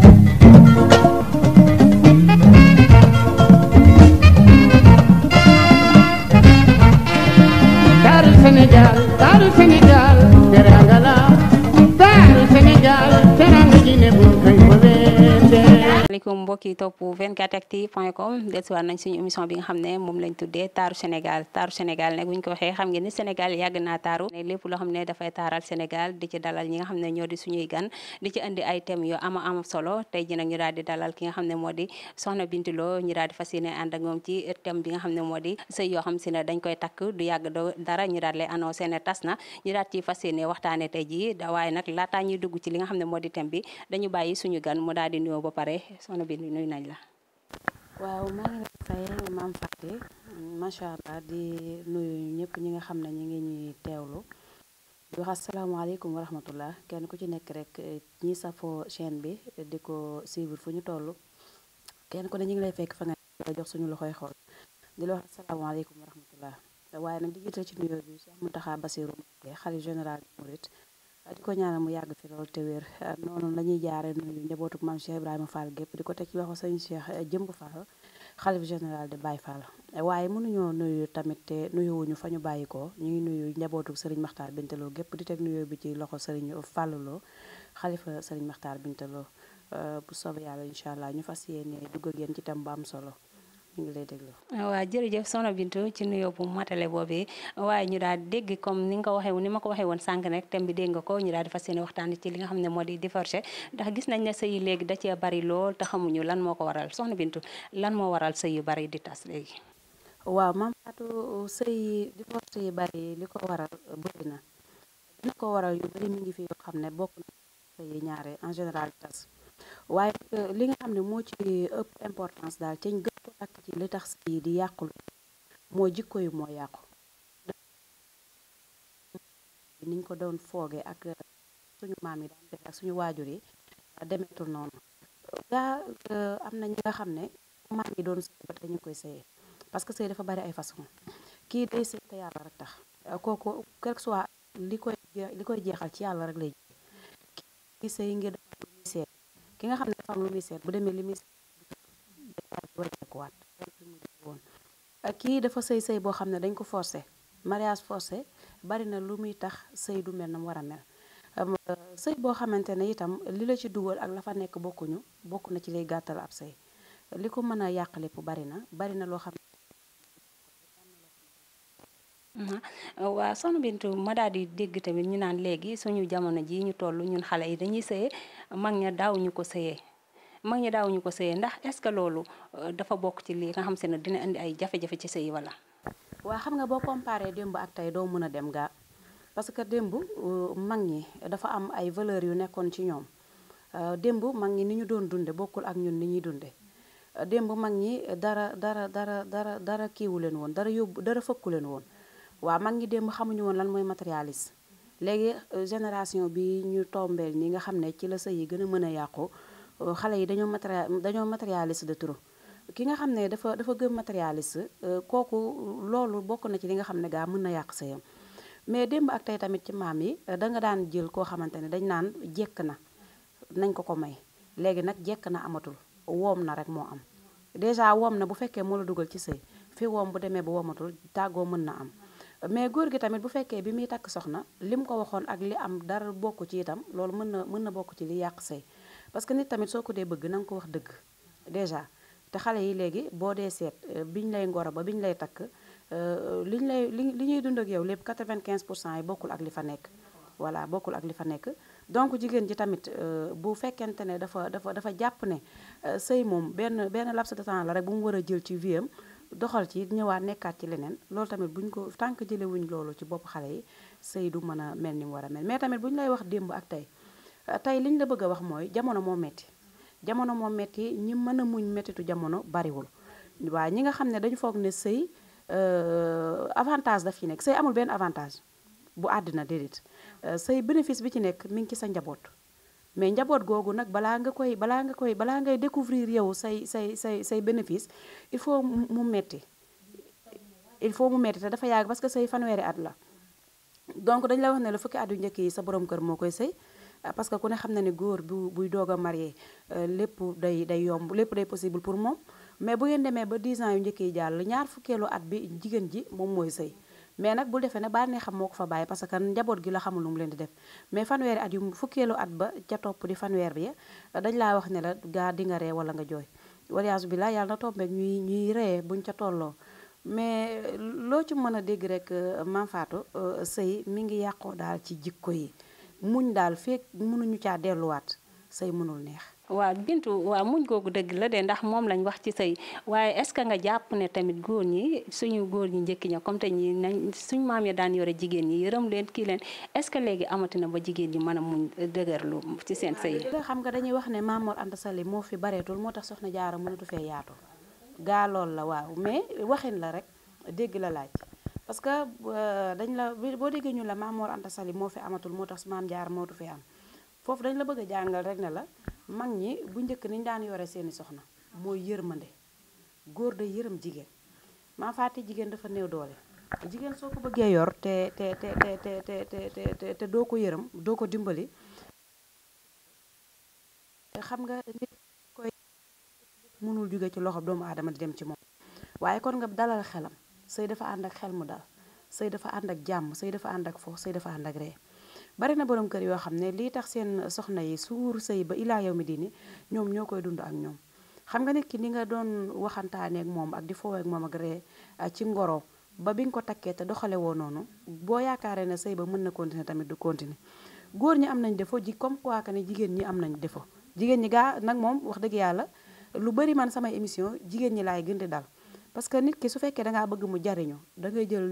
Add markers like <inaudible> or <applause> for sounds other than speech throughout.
Thank you. mbokk yi topp 24actu.com dellusiwaat nañ suñu émission bi nga xam ne moom lañ tuddee taaru Sénégal taaru Sénégal nag bu ñu ko waxee xam ngeen ni Sénégal yàgg naa taaru ne lépp loo xam ne dafay taaral Sénégal di ci dalal ñi xam ne ñoo di suñuy gan di ci indi ay thèmes yu ama am solo tey ji nag ñu daal di dalal ki nga xam ne moo di Soxna Bintu Lo ñu daal di fas yéene ànd ak moom ci thème bi nga xam ne moo di sëy yoo xam si ne dañ koy takk du yàgg do dara ñu daal lay annoncé ne tas na ñu daal ci fas yéene waxtaane tey ji waaye nag laataa ñuy dugg ci li nga xam ne moo di thème bi dañu bàyyi suñu gan mu daal di nuyoo ba pare ni nuy nañ la waaw maa ngi lay fay maam Faty macha allah di nuyu ñëpp ñi nga xam ne ñi ngi ñuy teewlu di wax asalaamaaleykum wa rahmatullah kenn ku ci nekk rek eh, ñi safoo chaine bi eh, di ko suivre fu ñu toll kenn ko ne ñu ngi lay fekk fa nga la jox suñu loxoy xool di la wax asalaamaaleykum wa rahmatullah waaye nag di jiital ci nuyoo bi Cheikh Mountakha Bassirou Mbacké xalifa général Mouride di ko mu yàgg fi loolu te wér noonu la ñuy jaare nuyu njabootu maam Cheikh Ibrahima Fall gépp di ko teg ci loxo sëñ Cheikh eh, Jëmb Fall xalif général de Baye Fall waaye mënuñoo nuyu tamit te nuyuwuñu fa ñu bàyyi ko ñu ngi nuyu njabootu sëriñ Maxtaar Bintaloo gépp di teg nuyoo bi ci loxo sëriñ Falluloo xalifa sëriñ Maxtaar Bintaloo eh, bu soobee yàlla incha allah ñu fas yéene dugg ak yéen ci tam bu am solo ñu ngi lay déglu. waaw jërëjëf soxna Bintu ci nuyoo bu matale boobee waaye ñu daal dégg comme ni ma ko waxee woon sànq nag thème bi dégg ko ñu daal di fas waxtaan ci li nga xam ne moo gis nañ ne sëy yi léegi da cee bari lool te lan moo ko waral soxna Bintu lan moo waral sëy yu bari di tas léegi. waaw maam Fatou sëy yi divorce yi bari li ko waral bëri na li ko waral yu ngi fi yoo xam ne bokk na sëy en général tas waaye li ci ëpp importance daal ci ko ci li tax sëy di yàqul moo jikko yi moo yàqu niñ ko doon foogee ak uh, suñu maam yi daan def ak suñu waajur yi uh, demeetul noonu gaa uh, am na ñi nga xam ne maam yi doon sëy koy sëyee parce que sëy dafa bari ay façon kii day sëy te yàlla rek tax kooku quel que li koy li koy jeexal ci yàlla rek lay kii sëy ngir dafa lu muy seet ki nga xam ne dafa am lu muy seet bu demee li muy seet delluwaat kii dafa sëy sëy boo xam ne dañ ko forcé mariage forcé bari na lu muy tax sëy du mel na mu war a mel euh, sëy boo xamante ne itam li la ci dugal ak la fa nekk bokkuñu bokk na ci lay gàttal ab sëy li ko mën a yàq lépp bari na bari na loo xam waaw soxna Bintu ma daal di dégg tamit ñu naan léegi suñu jamono ji ñu toll ñun xale yi dañuy sëyee mag ña daaw ñu ko sëyee mag ñi daawuñu ko sëyee ndax est-ce que loolu euh, dafa bokk ci lii nga xam se ne dina indi ay jafe-jafe ci sëy wala waa xam nga boo comparé démb ak tey doo mën a dem gaa parce que démb euh, mag ñi dafa am ay valeurs yu nekkoon ci ñoom euh, démb mag ñi ni ñu doon dunde bokkul ak ñun ni ñuy dunde démb mag ñi dara dara dara dara dara kiiwu leen woon dara yóbbu dara fëkku leen woon waa mag ñi démb xamuñu woon lan mooy matérialiste léegi génération bi ñu tombeel ni nga xam ne ci la sëy yi gën a mën a yàqu xale yi dañoo matéria dañoo matérialiste de trop ki nga xam ne dafa dafa gëm matérialiste euh, kooku loolu bokk na ci li nga xam ne gaa mën na yàq sëyam mais démb ak tey tamit ci maam yi euh, da nga daan jël koo xamante ne dañ naan jekk na nañ ko ko may léegi nag jekk na amatul woom na rek moo am déjà woom na bu fekkee moo la dugal ci sëy fi woom bu demee bu woomatul tàggoo mën na am mais góor gi tamit bu fekkee bi muy takk soxna lim ko waxoon ak li am dara bokk ci itam loolu mën na mën na bokk ci li yàq sëy parce que nit tamit soo ko dee bëgg na nga ko wax dëgg déjà te xale yi léegi boo dee seet euh, ñu lay ngoro ba ñu lay takk li euh, liñ lay li ñuy dund ak yow lépp 95 pour cent yi bokkul ak li fa nekk voilà bokkul ak li fa nekk donc jigéen ji tamit euh, bu fekkente ne dafa dafa dafa jàpp ne sëy moom benn benn laps de temps la rek bu mu war a jël ci vie doxal ci ñëwaat nekkaat ci leneen loolu tamit buñ ko tànk jëlewuñ loolu ci bopp xale yi sëy mën a mel ni mu war a mel mais tamit bu ñu lay wax démb ak tey tey liñ la bëgg a wax mooy jamono moo metti jamono moo metti ñi mën a muñ mettitu jamono bariwul waa ñi nga xam ne dañu foog ne sëy euh, avantage daf ci nekk sëy amul benn avantage bu àddina déedéet euh, sëy bénéfice bi ci nekk mi ngi ci sa njaboot mais njaboot googu nag balaa nga koy balaa nga koy balaa ngay découvrir yow say say say say bénéfice il faut mu metti il faut mu metti te dafa yàgg parce que sëy fanweeri at la donc dañ la wax ne la fukki at yu njëkk yi sa borom kër moo koy sëy parce que ku ne xam na ne góor bu buy doog a marié euh, lépp day day yomb lépp day possible pour moom mais bu ngeen demee ba 10 ans yu njëkk yi jàll ñaar fukkeelu at bi jigéen ji moom mooy sëy mais nag bu defee ne bànnee xam moo ko fa bàyyi parce que njaboot gi la xamul lu mu leen di def mais fanweeri at yu fukkeelu at ba ca topp di fanweer bi dañ laa wax ne la gaa di nga ree wala nga jooy waliyaasu bi laa yàlla na tombeek ñuy reyee ree buñ ca tolloo mais loo ci mën a dégg rek euh, Mame Fatou euh, sëy mi ngi yàqoo daal ci jikko yi muñ daal feek mënuñu caa delluwaat sëy mënul neex. waa bint waa muñ googu dëgg la de ndax moom lañ wax ci sëy waaye est-ce que nga jàpp ne tamit góor ñi suñu góor ñi njëkk ña comme te ñi nañ suñu maam ya daan yore jigéen ñi yërëm leen kii leen est-ce que léegi amatina ba jigéen ñi mën a muñ euh, dëgërlu ci seen sëy nga xam nga dañuy wax ne Mamour Anta Sali moo fi bareetul moo tax soxna jaara mënatu fee yaatu gaa lool la waaw mais waxin la rek dégg la laaj parce que euh, dañ la boo déggee ñu la Maam Mor Anta moo fi amatul moo tax Maam Jaara mootu fi am foofu dañ la bëgg a jàngal rek na la mag ñi bu njëkk niñ daan yore seeni soxna mooy yërmande góor de yërëm jigéen maa fàtte jigéen dafa néew doole jigéen soo ko bëggee yor te te te te te te doo ko yërëm doo ko dimbali te xam nga nit koy mënul juge ci loxo doomu aadama di dem ci moom waaye kon nga dalal xelam sëy dafa ànd ak xel mu dal sëy dafa ànd ak jàmm sëy dafa ànd ak fo sëy dafa ànd ak ree bari na borom kër yoo xam ne lii tax seen soxna yi suur sëy ba ilaa yow mi diini ñoom ñoo koy dund ak ñoom xam nga nit ki ni nga doon waxantaaneeg moom ak di foowee moom ak ree ah, ci ngoro ba bi nga ko takkee te doxale woo noonu boo yaakaaree ne sëy ba mën na continuer tamit du continuer góor ñi am nañ defoo ji comme quoi jigéen ñi am nañ defo jigéen ñi gaa nag moom wax dëgg yàlla lu bari man samay émission jigéen ñi laay gën di dal parce que nit ki su fekkee dangaa bëgg mu jariñu da ngay jël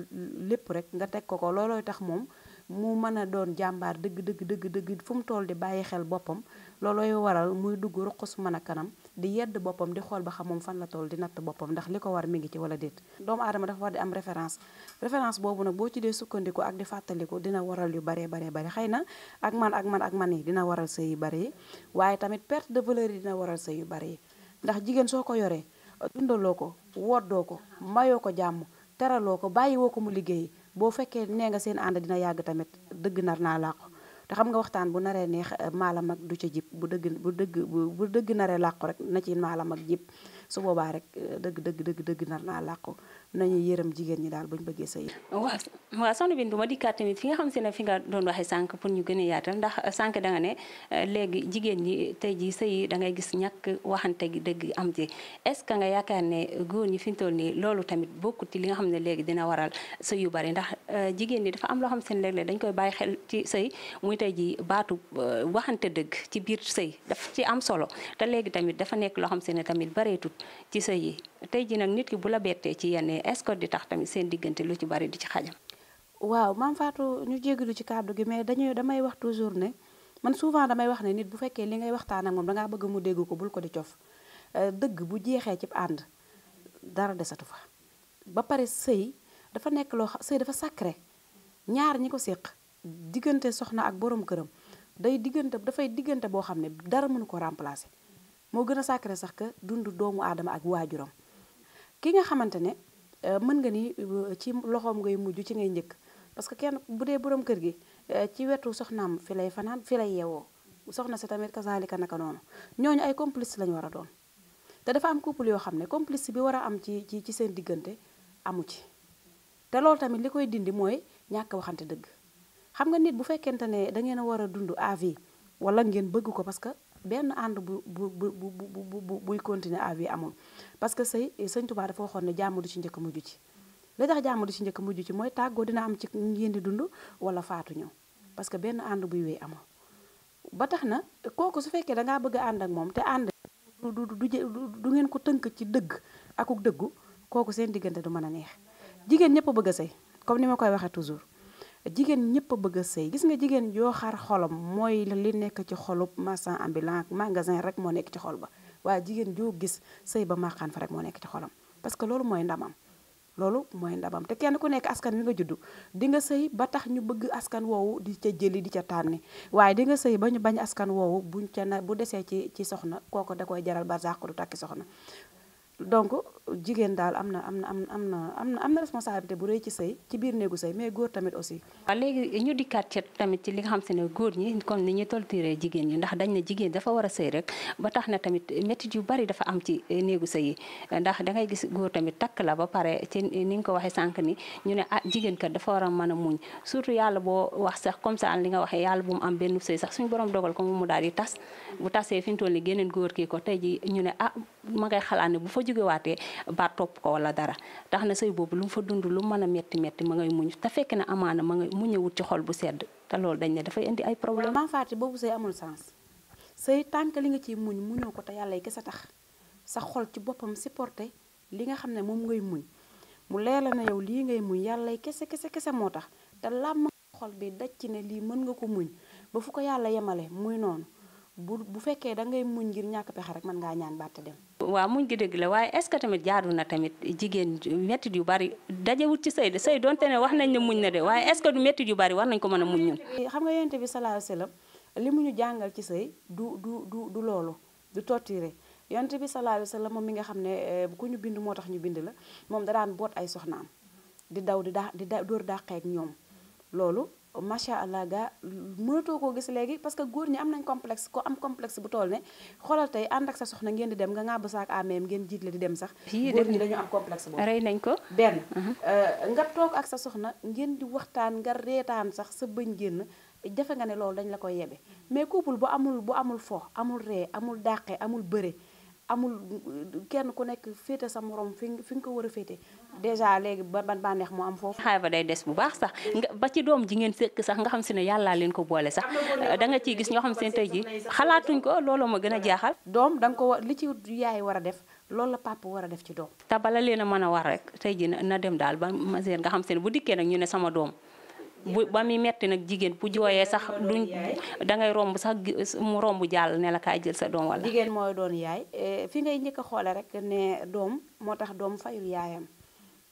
lépp rek nga teg ko ko loolooy tax moom mu mën a doon jàmbaar dëgg dëgg dëgg dëgg fu mu toll di bàyyi xel boppam loolooy waral muy dugg ruq su mën a kanam di yedd boppam di xool ba xam moom fan la tool di natt boppam ndax li ko war mi ngi ci wala déet doomu aadama dafa war di am référence référence boobu nag boo ci dee sukkandiku ak di fàttaliku dina waral yu baree baree bare xëy na ak man ak man ak man yi dina waral sëy yu bare waaye tamit perte de valeur dina waral sëy yu bare ndax jigéen soo ko yoree dundaloo ko woddoo ko mayoo ko jàmm teraloo ko bàyyi woo ko mu liggéey boo fekkee nee nga seen ànd dina yàgg tamit dëgg nar naa làqu te xam nga waxtaan bu naree neex eh, maala mag du ca jib bu dëgg bu dëgg bu dëgg naree làqu rek na ci maala mag jib su boobaa rek eh, dëgg dëgg dëgg dëgg nar naa làqu nañu yërëm jigéen ñi daal buñ bëggee sëy waaw waaw soxna bi du ma dikkaat tamit fi nga xam se ne fi nga doon waxee sànq pour ñu gën a yaatal ndax sànq da ne euh, léegi jigéen ñi tey ji sëy da ngay gis ñàkk waxante gi dëgg am ci est-ce que nga yaakaar ne góor ñi fi ñu toll nii loolu tamit bokkut ci li nga xam ne léegi dina waral sëy yu bari ndax euh, jigéen ñi dafa am loo xam seen léeg-léeg dañ koy bàyyi xel ci sëy muy tey ji baatu euh, waxante dëgg ci biir sëy daf ci am solo te léegi tamit dafa nekk loo xam se ne tamit bareetut ci sëy yi tey ji nag nit ki bu bettee ci yenn mais di tax tamit seen diggante lu ci bari di ci xajam. waaw maam Fatou ñu jégalu ci kàddu gi mais dañuy damay wax toujours ne man souvent damay wax ne nit bu fekkee li ngay waxtaan ak moom dangaa bëgg mu dégg ko bul ko di cof euh, dëgg bu jeexee ci ànd dara desatu fa. ba pare sëy dafa nekk loo xam sëy dafa sacré ñaar ñi ko séq diggante soxna ak boroom këram day diggante dafay diggante boo xam ne dara mënu ko remplacer moo gën a sacré sax que dund doomu aadama ak waajuram ki Euh, mën nga ni euh, ci loxoom ngay mujj ci ngay njëkk parce que kenn bu dee borom kër gi euh, ci wetu soxnaam fi lay fanaan fi lay yeewoo soxna si tamit kasaalika naka noonu ñooñu ay complice lañu war a doon te dafa am couple yoo xam ne complice bi war a am ci ci ci seen diggante amu ci te loolu tamit li koy dindi mooy ñàkk waxante dëgg xam nga nit bu fekkente ne da ngeen a war a dund à vie wala ngeen bëgg ko parce que benn ànd bu bu bu bu buy continuer à vie amul parce que sëy sëñ Tuubaa dafa waxoon ne jàmm du ci njëkk mujj ci li tax jàmm du ci njëkk mujj ci mooy tàggoo dina am ci ngeen di dund wala faatu ñëw parce que benn ànd buy wéy amul ba tax na kooku su fekkee da ngaa bëgg a ànd ak moom te ànd du du du ngeen ko tënk ci dëgg akuk dëggu kooku seen diggante du mën a neex jigéen ñëpp bëgg a sëy comme ni ma koy waxee toujours jigéen ñëpp bëgg a sëy gis nga jigéen joo xar xolam mooy li nekk ci xolub marchand ambulant magasin rek moo nekk ci xol ba waaye jigéen joo gis sëy ba maqaan fa rek moo nekk ci xolam parce que loolu mooy ndamam loolu mooy ndamam te kenn ku nekk askan wi nga juddu dinga nga sëy ba tax ñu bëgg askan woowu di ca jëli di ca tànni waaye di nga sëy ba ñu bañ askan woowu bu buñ ca na bu desee ci ci soxna kooku da koy jaral barzaq du takki soxna donc jigéen daal am na am na am na am na am na bu rëy ci sëy ci biir néegu sëy mais góor tamit aussi. waaw léegi ñu dikkaat ci tamit ci li nga xam si ne góor ñi comme ni ñuy toltiree jigéen ñi ndax dañ ne jigéen dafa war a sëy rek ba tax na tamit métit yu bari dafa am ci eh, néegu sëy yi ndax da ngay gis góor tamit takk la ba pare ci ni nga ko waxee sànq ni ñu ne ah jigéen kat dafa war a mën a muñ surtout yàlla boo wax sax comme ça li nga waxee yàlla bu mu am benn sëy sax suñ borom dogal ko mu daal di tas bu tasee fi mu toll ni géneen góor ko tey jógewaatee baa topp ko wala dara tax na sëy boobu lu mu fa dund lu mën a metti metti ma ngay muñ te fekk na amaana ma ngay muñewut ci xol bu sedd te loolu dañ ne dafay indi ay problème ma faati boobu sëy amul sens sëy tànk li nga ciy muñ muñoo ko te yàlla yi tax sa xol ci boppam supporté li nga xam ne moom ngay muñ mu leer la na yow lii ngay muñ yàlla kese kese kese moo tax te làmm xol bi daj ci ne lii mën nga ko muñ ba fu ko yàlla yemale muy noonu bu bu fekkee dangay ngay muñ ngir ñàkk pexe rek man ngaa ñaan baat dem. waaw muñ gi dëgg la waaye est que tamit jaadu na tamit jigéen méttit yu bari dajewut ci sëy de sëy donte ne wax nañ ne muñ na de waaye est-ce que du méttit yu bari war nañ ko mën a muñ ñun. xam nga yonent bi sallallahu alayhi wasallam li mu ñu jàngal ci sëy du du du du loolu du torturé yonent bi sallallahu alayhi wasallam moom mi nga xam ne eh, ku ñu bind moo tax ñu bind la moom da daan boot ay soxnaam di daw di daa di dóor dàqeek ñoom loolu. macha allah gaa mënatoo koo gis léegi parce que góor ñi am nañ complexe ko am complexe bu tool ne xoolal tey ànd ak sa soxna ngeen di dem nga ngàbb saak ameem ngeen jiitle di dem sax góor ñi dañu am complexe boobu rey nañ ko benn mhm. euh, nga toog ak sa soxna ngeen di waxtaan nga reetaan sax sa bëñ génn jafe nga ne loolu dañ la koy yebe mais couple bu amul bu amul foo amul ree amul dàqe amul bëre amul kenn ku nekk féete sa morom fi fi nga ko war a féete déjà léegi ba ban bànneex moo am foofu. xaay ba day des bu baax sax nga ba ci doom ji ngeen sëkk sax nga xam si ne yàllaa leen ko boole sax da nga ciy gis ñoo xam seen tey ji xalaatuñ ko loolu ma gën a jaaxal. doom da nga ko li ci yaay war a def loolu la papa war a def ci doom. te leen a mën a war rek tey ji na dem daal ba majeure nga xam si bu dikkee nag ñu ne sama doom. bu ba muy metti nag jigéen bu jooyee sax duñ dangay romb sax mu romb jàll ne la kaay jël sa doom wala. jigéen mooy doon yaay eh, fi ngay njëkk a xoole rek ne doom moo tax doom fayul yaayam.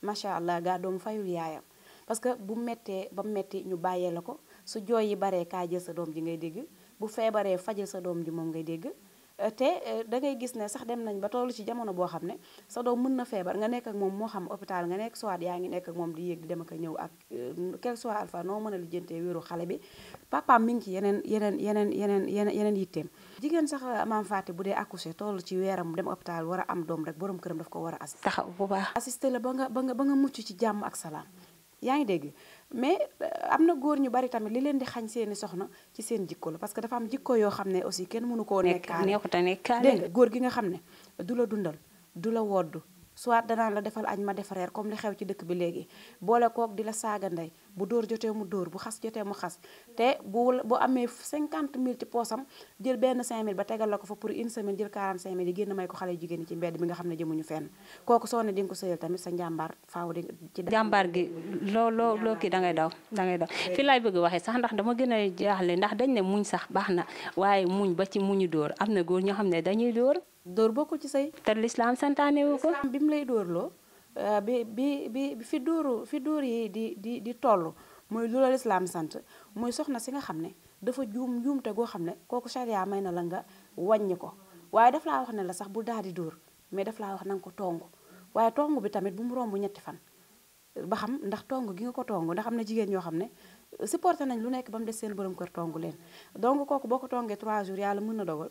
macha allah gaa doom fayul yaayam parce que bu méttee ba métti ñu bàyyee la ko su jooy yi baree kaa sa doom ji ngay dégg bu feebaree fajal sa doom ji moom ngay dégg euh, te euh, da ngay gis ne sax dem nañ ba tollu ci jamono boo xam ne sa doom mën na feebar nga nekk ak moom moo xam hôpital nga nekk soit yaa ngi nekk ak moom di yéeg di dem ak ñëw ak euh, quel soit alpha noo mën a lijjantee wéru xale bi papaam mi ngi ci yeneen yeneen yeneen yeneen yeneen yitteem jigéen sax euh, maam Faty bu dee accouché toll ci weeram dem hôpital war a am doom rek borom këram daf ko war a assisté taxaw bu baax assisté la ba nga ba nga ba nga mucc ci jàmm ak salaam yaa ngi dégg mais euh, am na góor ñu bari tamit li leen di xañ seeni soxna ci seen jikko la parce que dafa am jikko yoo xam ne aussi kenn mënu koo nekkaale dégg nga góor gi nga xam ne du la dundal du la wodd soit danaan la defal añ ma defareer comme li xew ci dëkk bi léegi boole kook di la saaga ndey bu dóor jotee mu dóor bu xas jotee mu xas te bu bu amee 50000 ci poosam jël benn 5000 ba tegal la ko fa pour une semaine jël 45000 yi génn may ko xale jigéen ñi ci mbedd bi nga xam ne soo ne ko sëyal tamit sa njàmbaar faaw di jàmbaar gi loo loo loo kii da ngay daw da ngay daw laay bëgg waxee sax ndax dama gën a jaaxle ndax dañ ne muñ sax baax na waaye muñ ba ci muñu dóor am na góor ñoo xam ne dañuy dóor dóor bokku ci sëy te lislaam santaane wu ko bi mu lay loo Euh, bi bi bi fi duuru fi dóor yi di di di toll muy lu la lislaam sant muy soxna si nga xam ne dafa juum juumte goo xam ne kooku charia may na la nga wàññi ko waaye daf laa wax ne la sax bu daal di dóor mais daf laa wax na ko tongu waaye tongu bi tamit bu mu romb ñetti fan ba xam ndax tongu gi nga ko tongu ndax am na jigéen ñoo xam ne euh, supporté nañ lu nekk ba mu des seen borom kër tongu leen donc kooku boo ko tongee trois jours la mën na dogal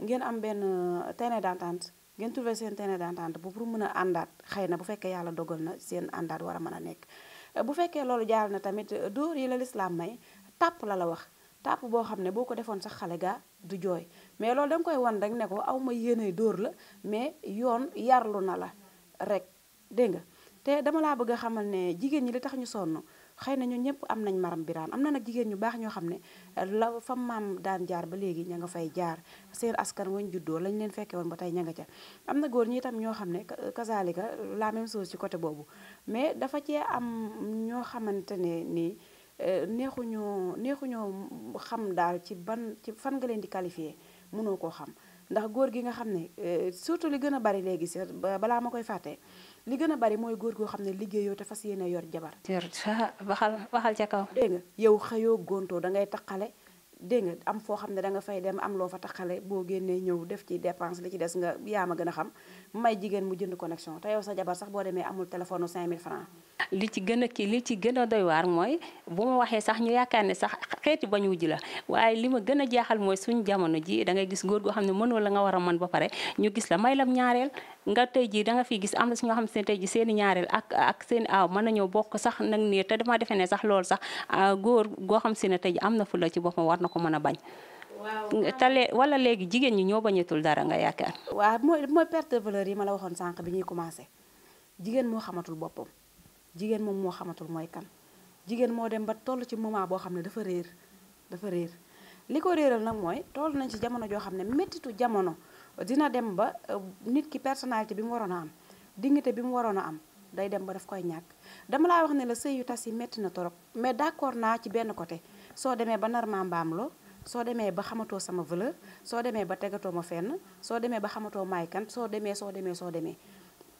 ngeen am benn euh, terrain d'entente ngeen trouvé seen terrain d'entente bu pour mën a àndaat xëy na bu fekkee yàlla dogal na seen àndaat war a mën a nekk eh, bu fekkee loolu jaal na tamit eh, dóor yi la lislaam may tàpp la la wax tàpp boo xam ne boo ko defoon sax xale gaa du jooy mais loolu danga koy wan rek ne ko aw ma yéene dóor la mais yoon yarlu na la rek dégg nga te dama laa bëgg a xamal ne jigéen ñi li tax ñu sonn xëy nañu ñun ñëpp am nañ maram biraan am na nag jigéen ñu baax ñoo xam ne eh, la fa maam daan jaar ba léegi ña nga fay jaar seen askan wañ juddoo lañ leen fekke woon ba tey ña nga ca am na góor ñi itam ñoo xam ne kasaalika la même chose ci côté boobu mais dafa cee am ñoo xamante ne nii eh, neexuñoo neexuñoo xam daal ci ban ci fan nga leen di qualifier mënoo koo xam ndax góor gi nga xam ne eh, surtout li gën a bari léegi sax balaa ma koy fàtte li gën a bari mooy góor goo xam ne liggéeyoo te fas yéene yor jabar. waxal waxal ca kaw. dégg nga yow xëyoo góontoo da ngay taqale dégg nga am foo xam ne da nga fay dem am loo fa taqale boo génnee ñëw def ci dépense li ci des nga yaa ma gën a xam may jigéen mu jënd connexion te yow sa jabar sax boo demee amul téléphone 5000 francs li ci gën a kii li ci gën a doy mooy bu ma waxee sax ñu yaakaar ne sax xeeti bañ wujj la waaye li ma gën a jaaxal mooy suñ jamono ji da ngay gis góor goo xam ne mënoo la nga war a mën ba pare ñu gis la may lam ñaareel nga tey ji da nga fiy gis am na si ñoo xam ne tey ji seen i ñaareel ak ak seen i mën a ñëw bokk sax nag nii te dama defe ne sax loolu sax ah, góor goo xam si ne tey ji am na fu la ci boppam war na ko mën a bañ tale wala léegi jigéen ñi ñoo bañatul dara nga yaakaar waaw mooy mooy perte de valeur yi ma la waxoon sànq bi ñuy commencé jigéen moo xamatul boppam jigéen moom moo xamatul mooy kan jigéen moo dem ba toll ci moment boo xam ne dafa réer dafa réer li ko réeral nag mooy toll nañ ci jamono joo xam ne méttitu jamono dina dem ba euh, nit ki personnalité bi mu waroon a am dignité bi mu waroon a am day dem ba def koy ñàkk dama laa wax ne la sëy yu tas yi métti na torop mais d'accord naa ci benn côté soo demee ba nar maa mbaam loo soo demee ba xamatoo sama valeur soo demee ba tegatoo ma fenn soo demee ba xamatoo maay kan soo demee soo demee soo demee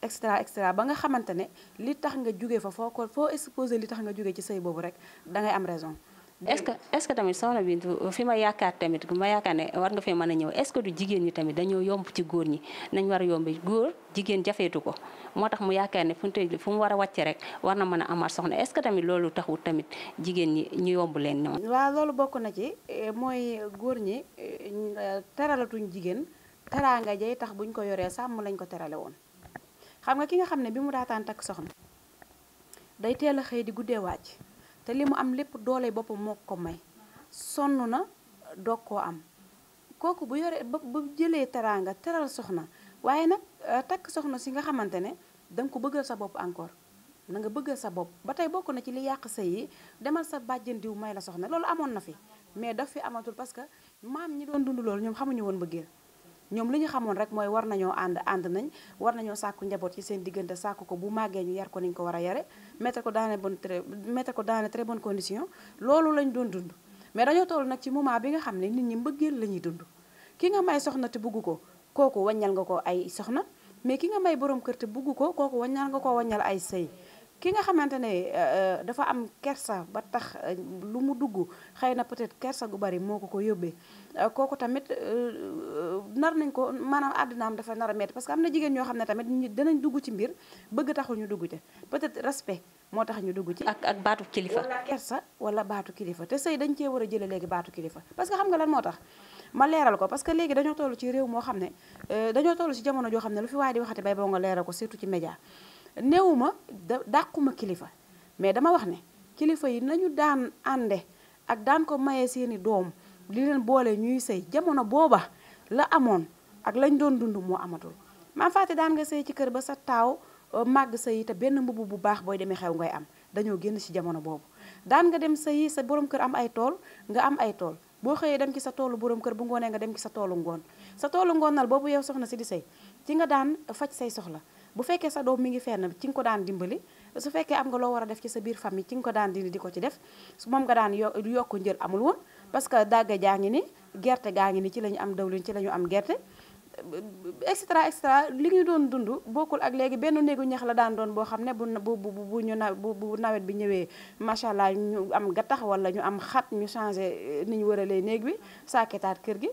extra extra ba nga xamante ne li tax nga jóge fa foo ko foo exposé li tax nga jóge ci sëy boobu rek dangay am raison est-ce que est-ce que tamit soxna bi fi ma yaakaar tamit ma yaakaar ne war nga fee mën a ñëw est-ce que du jigéen ñi tamit dañoo yomb ci góor ñi nañ war a yomb góor jigéen jafeetu ko moo tax mu yaakaar ne fu mu tey fu mu war a wàcce rek war na mën a amaat soxna est-ce que tamit loolu taxul tamit jigéen ñi ñu yomb leen noonu. waaw loolu bokk na ci e, mooy góor ñi e, e, teralatuñ jigéen teraanga jay tax buñ ko yoree sàmm lañ ko terale woon xam nga ki nga xam ne bi mu daataan takk soxna day teel a xëy di guddee wàcc te li mu am lépp doole boppam moo ko may sonn na doog koo am kooku bu yore ba bu jëlee teraanga teral soxna waaye nag euh, takk soxna si nga xamante ne danga ko bëggal sa bopp encore na nga bëggal sa bopp ba tey bokk na ci li yàq sëy yi demal sa bàjjen diw may la soxna loolu amoon na fi mais daf fi amatul parce maam ñi doon dund loolu ñoom xamuñu woon bëggeel ñoom li ñu xamoon rek mooy war nañoo ànd ànd nañ war nañoo sàkku njaboot ci seen diggante sàkku ko bu màggee ñu yar ko niñ ko war a yare mettre ko dans bon tre très mettre ko dans les très bonnes conditions loolu lañ doon dund mais dañoo toll nag ci moment bi nga xam ne nit ñi mbëggeel la ñuy dund ki nga may soxna te bugg ko kooku waññal nga ko ay soxna mais ki nga may borom kër te bugg ko kooku waññal nga ko waññal ay sëy ki nga xamante ne euh, euh, dafa am kersa ba tax euh, lu mu dugg xëy na peut-être kersa gu bari moo ko ko yóbbee kooku tamit nar nañ ko maanaam àddinaam dafa nar a metti parce que am na jigéen ñoo xam ne tamit ñu danañ dugg ci mbir bëgg taxul ñu dugg ci peut-être respect moo tax ñu dugg ci. ak ak baatu kilifa wala kersa wala baatu kilifa te sëy dañ cee war a jële léegi baatu kilifa parce que xam nga lan moo tax. ma leeral ko parce que léegi dañoo toll ci réew moo xam ne dañoo toll ci jamono joo xam ne lu fi waaye di waxati bay boo nga média néewuma da dàquma kilifa mais dama wax ne kilifa yi nañu daan ànde ak daan ko maye seeni doom li leen boole ñuy sëy jamono booba la amoon ak lañ doon dund moo amatul maam Faty daan nga sëy ci kër ba sa taaw euh, màgg sëy te benn mbubb bu baax booy demee xew ngay am dañoo génn ci jamono boobu daan nga dem sëyi sa borom kër am ay tool nga am ay tool boo xëyee dem ci sa toolu borom kër bu ngoonee nga dem ci sa toolu ngoon sa toolu ngoon nal boobu yow soxna si di sëy ci nga daan faj say soxla bu fekkee sa doom mi ngi fenn ci nga ko daan dimbali su fekkee am nga loo war a def ci sa biir famille ci nga ko daan dindi di ko ci def moom nga daan yo yokk njël amul woon parce que dagga jaa ngi ni gerte gaa ngi ni ci la ñu am dawlin ci la ñu am gerte et cetera et cetera li ñu doon dund bokkul ak léegi benn néegu ñax la daan doon boo xam ne bu bu bu ñu na bu nawet bi ñëwee macha allah ñu am gattax wala ñu am xat ñu changé eh, ni ñu wëralee néeg bi saaketaat kër gi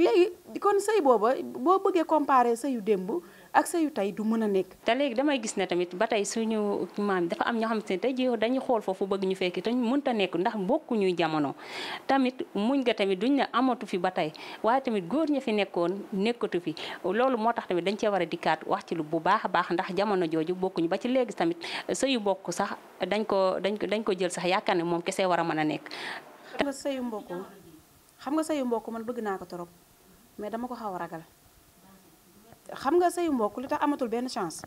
léegi kon sëy booba boo bëggee comparé sëyu démb ak sëyu tey du mën a nekk te léegi damay gis ne tamit ba tey suñu maam dafa am ñoo xamante ne tey ji dañuy xool foofu bëgg ñu fekki te mënta nekk ndax bokkuñu jamono tamit muñ nga tamit duñ ne amatu fi ba tey waaye tamit góor ña fi nekkoon nekkatu fi loolu moo tax tamit dañ cee war a dikkaat wax ci lu bu baax a baax ndax jamono jooju bokkuñu ba ci léegi tamit sëyu bokk sax dañ ko dañ ko dañ ko jël sax yaakaar ne moom kese war a mën a nekk xam nga sëyu mbokk xam nga sëyu mbokk man bëgg naa ko trop mais dama ko xaw a ragal xam nga sayu mbokk li tax amatul benn chance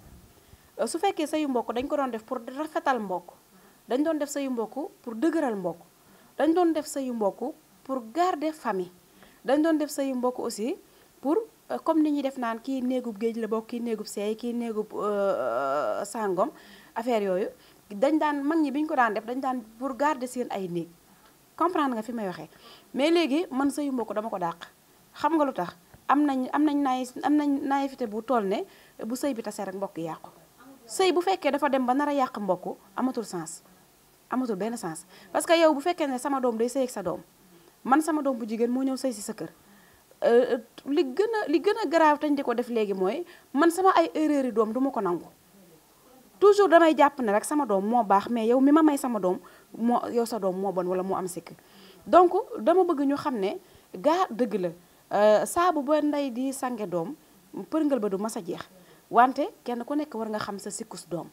euh, su fekkee sayu mbokk dañ ko doon def pour rafetal mbokk dañ doon def sayu mbokk pour dëgëral mbokk dañ doon def sayu mbokk pour garder famille dañ doon def sayu mbokk aussi pour euh, comme ni ñuy def naan kii néegub géej la bokk kii néegub seey kii néegub euh, sàngom affaire yooyu dañ daan mag ñi biñ ko daan def dañ daan pour garder seen ay néeg comprendre nga fi may waxee mais léegi man sayu mbokk dama ko dàq xam nga lu tax am nañ am nañ naay am nañ naïveté bu toll ne bu sëy bi tasee rek mbokk yàqu sëy bu fekkee dafa dem ba nar a yàq mbokk amatul sens amatul benn sens parce que yow bu fekkee ne sama doom day sëy ak sa doom man sama doom bu jigéen moo ñëw sëy si sa kër euh, li gën a li gën a grave tañ di ko def léegi mooy man sama ay erreur yi doom duma ko nangu toujours damay jàpp ne rek sama doom moo baax mais yow mi ma may sama doom moo yow sa doom moo bon wala moo am sikk donc dama bëgg ñu xam ne gaa dëgg la Euh, saabu ba ndey di sange doom përngal ba du mas a jeex wante kenn ku nekk war nga xam sa sikkus doom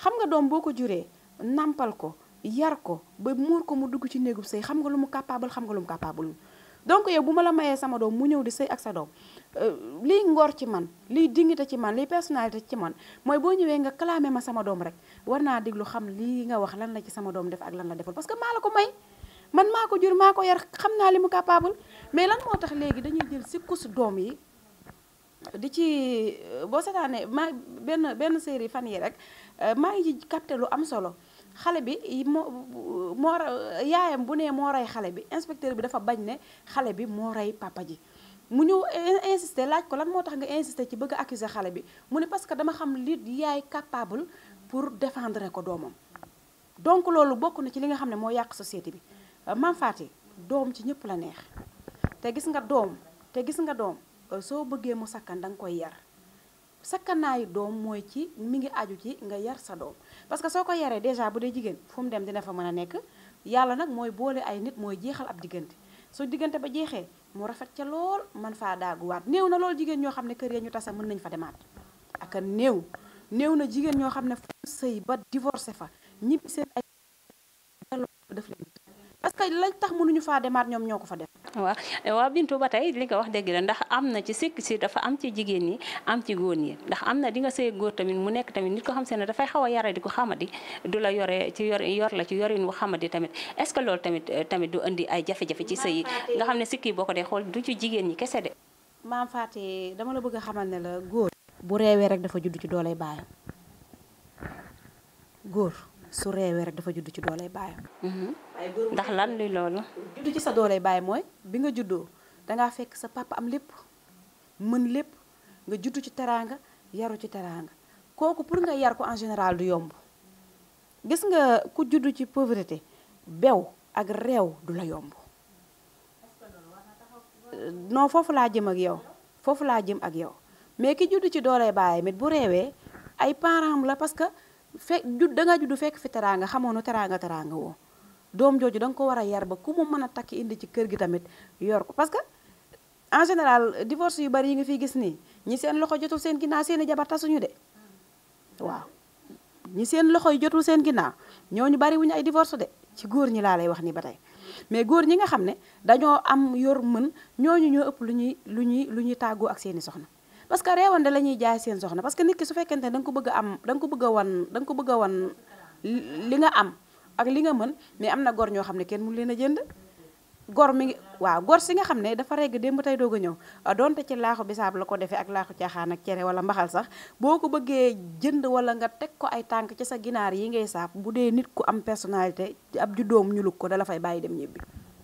xam nga doom boo ko juree nàmpal ko yar ko ba muur ko mu dugg ci néegub sëy xam nga lu mu capable xam nga lu mu capable donc yow bu ma la mayee sama doom mu ñëw di sëy ak sa doom euh, lii ngor ci man lii dingita ci man liy personnalité ci man mooy boo ñëwee nga clamé ma sama doom rek war naa déglu xam lii nga wax lan la ci sama doom def ak lan la deful parce que maa la ko may man maa ko jur ko yar xam naa li mu capable mais lan moo tax léegi dañuy jël sikkus doom yi di ci euh, boo seetaanee maa benn benn série fan yi rek euh, maa ngi ci capté lu am solo xale bi moo moo yaayam bu nee moo rey xale bi inspecteur bi dafa bañ ne xale bi moo rey papa ji mu ñëw insister laaj ko lan moo tax nga insister ci bëgg a accuser xale bi mu ne parce que dama xam li yaay capable pour défendre ko doomam donc loolu bokk na ci li nga xam ne moo yàq société bi euh, man Faty doom ci ñëpp la neex te gis nga doom te gis nga doom euh, soo bëggee mu sakkan danga koy yar sakkanaayu doom mooy ci mi ngi aju ci nga yar sa doom parce que soo ko yaree déjà bu dee jigéen fu mu dem dina fa mën a nekk yàlla nag mooy boole ay nit mooy jeexal ab diggante su diggante ba jeexee mu rafet ca lool man faa daaguwaat néew na lool jigéen ñoo xam ne kër ya ñu tasa mën nañ fa demaat ak néew néew na jigéen ñoo xam ne fu sëy ba divorcé fa ñibbi seen ay parce que lañ tax mënuñu faa demaat ñoom ñoo ko fa def. waaw waaw Bintu ba tey li nga wax dégg la ndax am na ci sikk si dafa am ci jigéen ñi am ci góor ñi ndax am na di nga sëy góor tamit mu nekk tamit nit ko xam se ne dafay xaw a yara ko xamadi du la yore ci yor yor la ci yorin wu xamadi tamit est ce que loolu tamit eh, tamit du indi ay jafe-jafe ci sëy yi nga xam ne sikk yi boo ko dee xool du ci jigéen ñi kese de. maam faatee dama la bëgg xamal ne la góor. bu reewee rek dafa judd ci doolay baayam góor. su reewee rek dafa juddu ci doolay baayam. Mhm. ndax lan luy loolu. judd ci sa doolay baay mooy bi nga juddoo dangaa fekk sa papa am lépp mën lépp nga juddu ci teraanga yaru ci teraanga kooku pour nga yar ko en général du yomb gis nga ku juddu ci pauvreté bew ak réew du la yomb. non foofu laa jëm ak yow foofu laa jëm ak yow mais ki juddu ci doolay baay mit bu reewee ay parents la parce que. fekk jud da ngaa judd fekk fi teraanga xamoonu teraanga teraanga woo doom jooju danga ko war a yar ba ku mu mën a takk indi ci kër gi tamit yor ko parce que en général divorce yu bari yi nga fiy gis nii ñi seen loxo jotul seen ginnaaw seen i jabar tasuñu de waaw ñi seen loxo yi jotul seen ginnaaw ñoo ñu wuñu ay divorce de ci góor ñi laa lay wax ni ba tey mais góor ñi nga xam ne dañoo am yor mën ñooñu ñoo ëpp lu ñuy lu ñuy lu ñuy tàggoo ak seeni soxna parce que réewande la jaay seen soxna parce que nit ki su fekkente ne da nga ko bëgg a am da ko bëgg a wan da a wan li nga am ak li nga mën mais am na gor ñoo xam ne kenn mënu leen a jënd gor mi ngi waaw gor si nga xam ne dafa regg démb tey doog a ñëw ah, donte ci laaxu bisaab la ko defee ak laaxu caaxaan ak cere wala mbaxal sax boo ko bëggee jënd wala nga teg ko ay tànk ci sa ginaar yi ngay saaf bu dee nit ku am personnalité ab juddoom ñuluk ko dala fay bàyyi dem ñibbi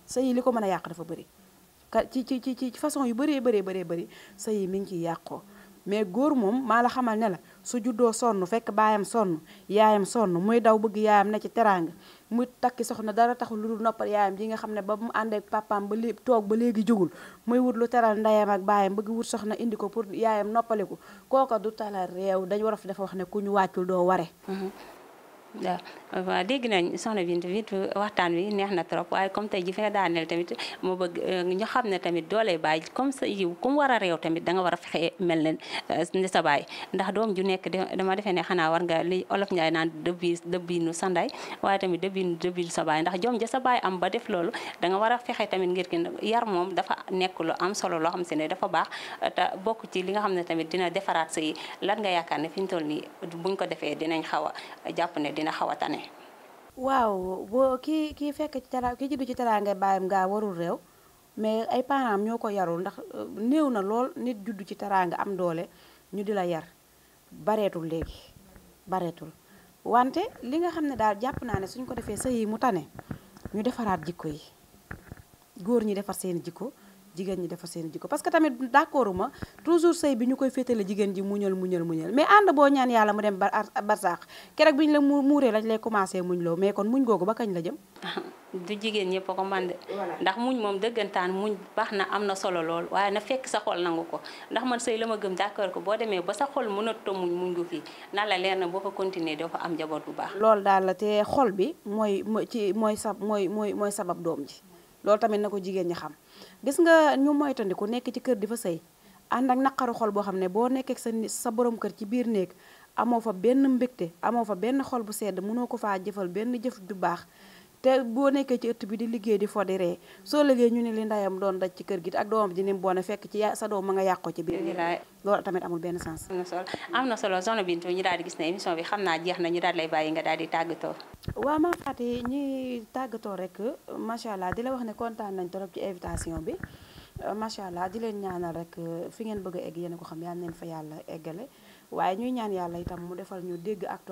sa yi li ko mën a yàq dafa bëri ci ci ci ci façon yu bëree bëree bëree bëri sa yi mi ngi ciy yàqoo mais góor moom maa la xamal ne la su juddoo sonn fekk baayam sonn yaayam sonn muy daw bëgg yaayam ne ci teraanga muy takki soxna dara taxul lu dul noppal yaayam ji nga xam ne ba mu àndeek ak papaam ba léegi toog ba léegi jógul muy wut lu teral ndeyam ak baayam bëgg wut soxna indi ko pour yaayam noppaliku kooka du tala réew dañ war a fi dafa wax ne ku ñu wàccul doo ware mm-hmm. waaw dégg nañ soxna Bintu bi waxtaan wi neex na trop waaye comme tey ji fi nga daaneel tamit mu bëgg euh, ñu xam ne tamit doole baay comme sa yiw comme war a réew tamit da war a fexe mel ne euh, ni sa baay ndax doom ju nekk dama defee ne xanaa war nga li olof Njaay naan dëbbi dëbbinu sa ndey waaye tamit dëbbinu dëbbinu sa baay ndax joom ja sa baay am ba def loolu danga nga war a fexe tamit ngir ki yar moom dafa nekk lu am solo loo xam si ne dafa baax te bokk ci li nga xam ne tamit dina defaraat sa lan nga yaakaar ne fi ñu toll nii buñ ko defee dinañ xaw a jàpp ne dina xaw a tane waaw boo kii kii fekk ci tera kii juddu ci teraanga baayam ngaa warul réew mais ay parents ñoo ko yarul ndax euh, néew na lool nit juddu ci teraanga am doole ñu di la yar bareetul léegi bareetul wante li nga xam ne daal jàpp naa ne suñ ko defee sa yi mu tane ñu defaraat jikko yi góor ñi defar seen jikko jigéen ñi dafa seen ko parce que tamit d'accord ma toujours sëy bi ñu koy féetale jigéen ji muñal muñal muñal mais ànd boo ñaan yàlla mu dem barsaax keroog bi ñu la mu muuree lañ lay commencé muñ loo mais kon muñ googu ba kañ la jëm <laughs> du jigéen ñëpp ko man de ndax muñ moom dëggantaan muñ baax na am na solo lool waaye na fekk sa xol nangu ko ndax man sëy la ma gëm d'accord ko boo demee ba sa xol mënatoo muñ muñ ko fii na la leer na boo ko continuer doo fa am baax loolu daal la te xol bi mooy ci mooy sa mooy mooy mooy sabab doom ji loolu tamit na ko jigéen ñi xam gis nga ñu moytandiku nekk ci kër di fa sëy ànd ak naqaru xol boo xam ne boo nekkee sa sa borom kër ci biir néeg amoo fa benn mbégte amoo fa benn xol bu sedd mënoo ko faa jëfal benn jëf ju baax te boo nekkee ci ëtt bi di liggéey di foddi ree soo liggéey ñu ne li ndayam doon daj ci kër gi ak doom ji ni mu boone fekk ci sa doom ma nga yàqoo ci biir loolu tamit amul benn sens am na solo am solo soxna Bintu ñu daal di gis ne émission bi xam naa jeex na ñu daal di lay bàyyi nga daal di tàggatoo waaw maa faati ñuy tàggatoo rek macha allah di la wax ne kontaan nañ torop ci invitation bi macha allah di leen ñaanal rek fi ngeen bëgg a egg yéen ko xam yal neen fa yàlla eggale waaye ñuy ñaan yàlla itam mu defal ñu dégg ak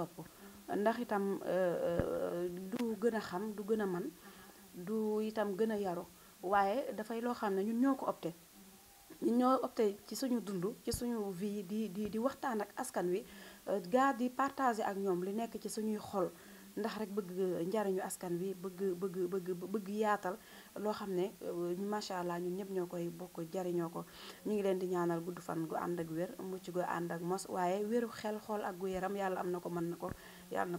ndax itam euh, euh, du gën a xam du gën a man du itam gën a yaru waaye dafay loo xam ne ñun ñoo ko opté ñun ñoo opté ci suñu dund ci suñu vie di di di waxtaan ak askan wi euh, gaa di partager ak ñoom li nekk ci suñuy xol ndax rek bëgg njariñu askan wi bëgg bëgg bëgg bëgg yaatal loo xam ne macha allah ñun ñëpp ñoo koy bokk jariñoo ko ñu ngi leen di ñaanal gudd fan gu ànd ak wér mucc gu ànd ak mos waaye wéru xel xool ak gu yaram yàlla am na ko mën na ko yàlla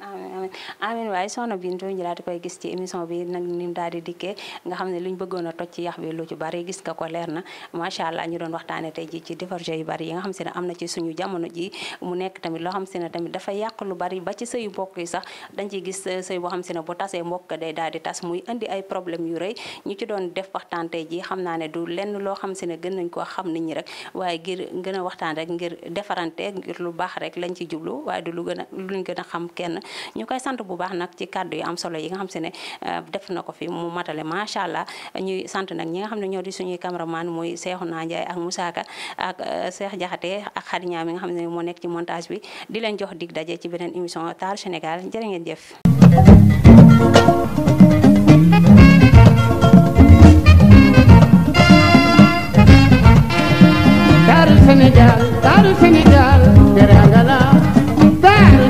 na waaye soxna Bintu ñu daal koy gis ci émission bi nag ni mu daal di dikkee nga xam ne lu ñu bëggoon a toj ci yax bi lu ci bari gis nga ko leer na macha allah ñu doon waxtaane tey ji ci divorce yu bari yi nga xam se na ci suñu jamono ji mu nekk tamit loo xam se ne tamit yàq lu bari ba ci mbokk yi sax dañ ciy gis euh, sëy boo xam se ne bu tasee mbokk day daal di tas muy indi ay problème yu rëy ñu ci doon def waxtaan tey xam naa ne du lenn loo xam si ne gën nañ koo xam nit ñi rek waaye ngir gën a waxtaan rek ngir defarante ngir lu baax rek lañ ci jublu waaye du lu gën a luñ xam kenn ñu koy sant bu baax nag ci kàddu yu am solo yi nga xam se ne euh, def na ko fi mu matale macha allah ñuy sant nag ñi nga xam ne ñoo di suñuy cameraman muy Cheikhouna Ndiaye ak Moussa Ka ak seex euh, Diakhaté ak Khady mi nga xam ne moo nekk ci montage bi di leen jox dig daje ci beneen émission Taaru Sénégal jërë ngeen jëf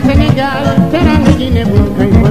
Sénégal, teranga ji ne bu koy